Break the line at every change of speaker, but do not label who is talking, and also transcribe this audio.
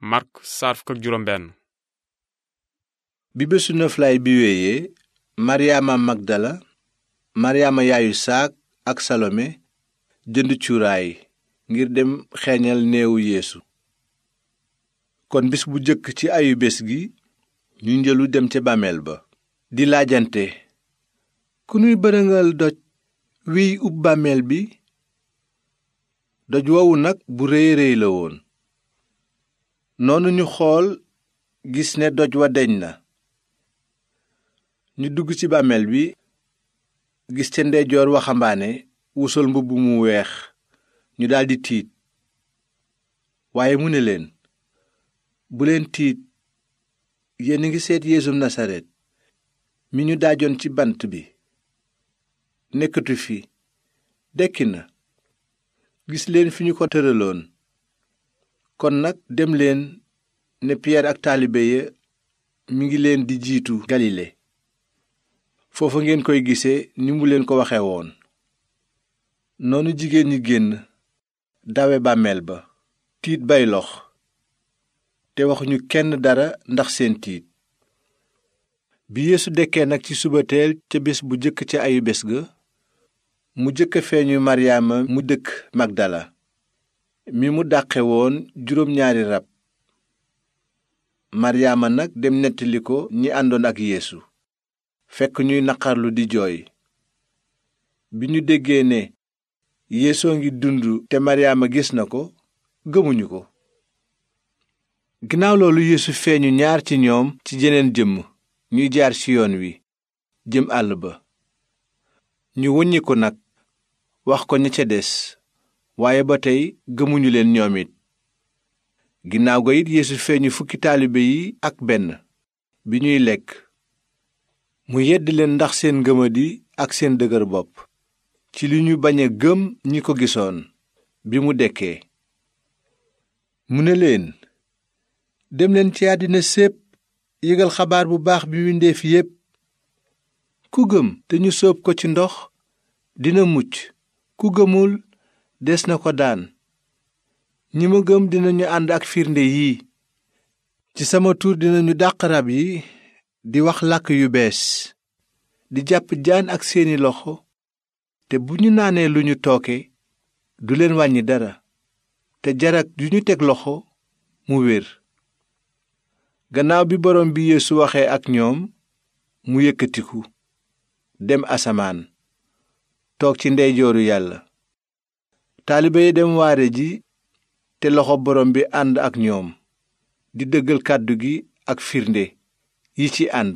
Mark saar fukk ak juróom benn bi bésu noflaay bi maryaama magdala maryaama yaayu saak ak salome jënd cuuraay ngir dem xeeñal neewu yéesu kon bis bu jëkk ci ayu bés gi ñu njëlu dem ca bàmmeel ba di laajante ku nuy bërëngal doj wiy ub bàmmeel bi doj woowu nag bu réy réy la woon noonu ñu xool gis ne doj wa deñ na ñu dugg ci bàmmeel bi gis ca ndeyjoor waxambaane wusal mbubb mu weex ñu daldi tiit waaye mu ni leen bu leen tiit yéen a ngi seet yeesum nasaret mi ñu daajoon ci bant bi nekkatu fi dekki na gis leen fi ñu ko tëraloon kon nag dem leen ne piyeer ak taalibe ya mi ngi leen di jiitu galile foofa ngeen koy gisee ni mu leen ko waxe woon noonu jigéen ñi génn dawe bàmmeel ba tiit bay lox te waxuñu kenn dara ndax seen tiit bi yeesu dekkee nag ci suba teel ca bés bu jëkk ca ayu bés ga mu jëkk feeñu maryaama mu dëkk magdala mi mu dàqe woon juróom ñaari rab maryaama nag dem nettali ko ñi àndoon ak yéesu fekk ñuy naqarlu di jooy bi ñu déggee ne yeesoo ngi dund te maryaama gis na ko gëmuñu ko ginnaaw loolu yeesu feeñu ñaar ci ñoom ci jeneen jëmm ñuy jaar ci yoon wi jëm àll ba ñu wuññi ko nag wax ko ña ca des waaye ba tey gëmuñu leen ñoom it ginnaaw ga it yeesu feeñu fukki taalibe yi ak benn bi ñuy lekk mu yedd leen ndax seen ngëmadi ak seen dëgër bopp ci li ñu bañ a gëm ñi ko gisoon bi mu dekkee mu ne leen demleen ci àddina sépp yëgal xabaar bu baax bi windeef yépp ku gëm te ñu soob ko ci ndox dina mucc ku gëmul des na ko daan ñi ma gëm dinañu ànd ak firnde yii ci sama tur dinañu dàq rab yi di wax làkk yu bees di jàpp jaan ak seeni loxo te bu ñu naanee lu ñu tooge du leen wàññi dara te jarak yu ñu teg loxo mu wér gannaaw bi borom bi yeesu waxee ak ñoom mu yëkkatiku dem asamaan toog ci ndeyjooru yàlla taalibe yi dem waare ji te loxo borom bi ànd ak ñoom di dëggal kàddu gi ak firnde yi ci ànd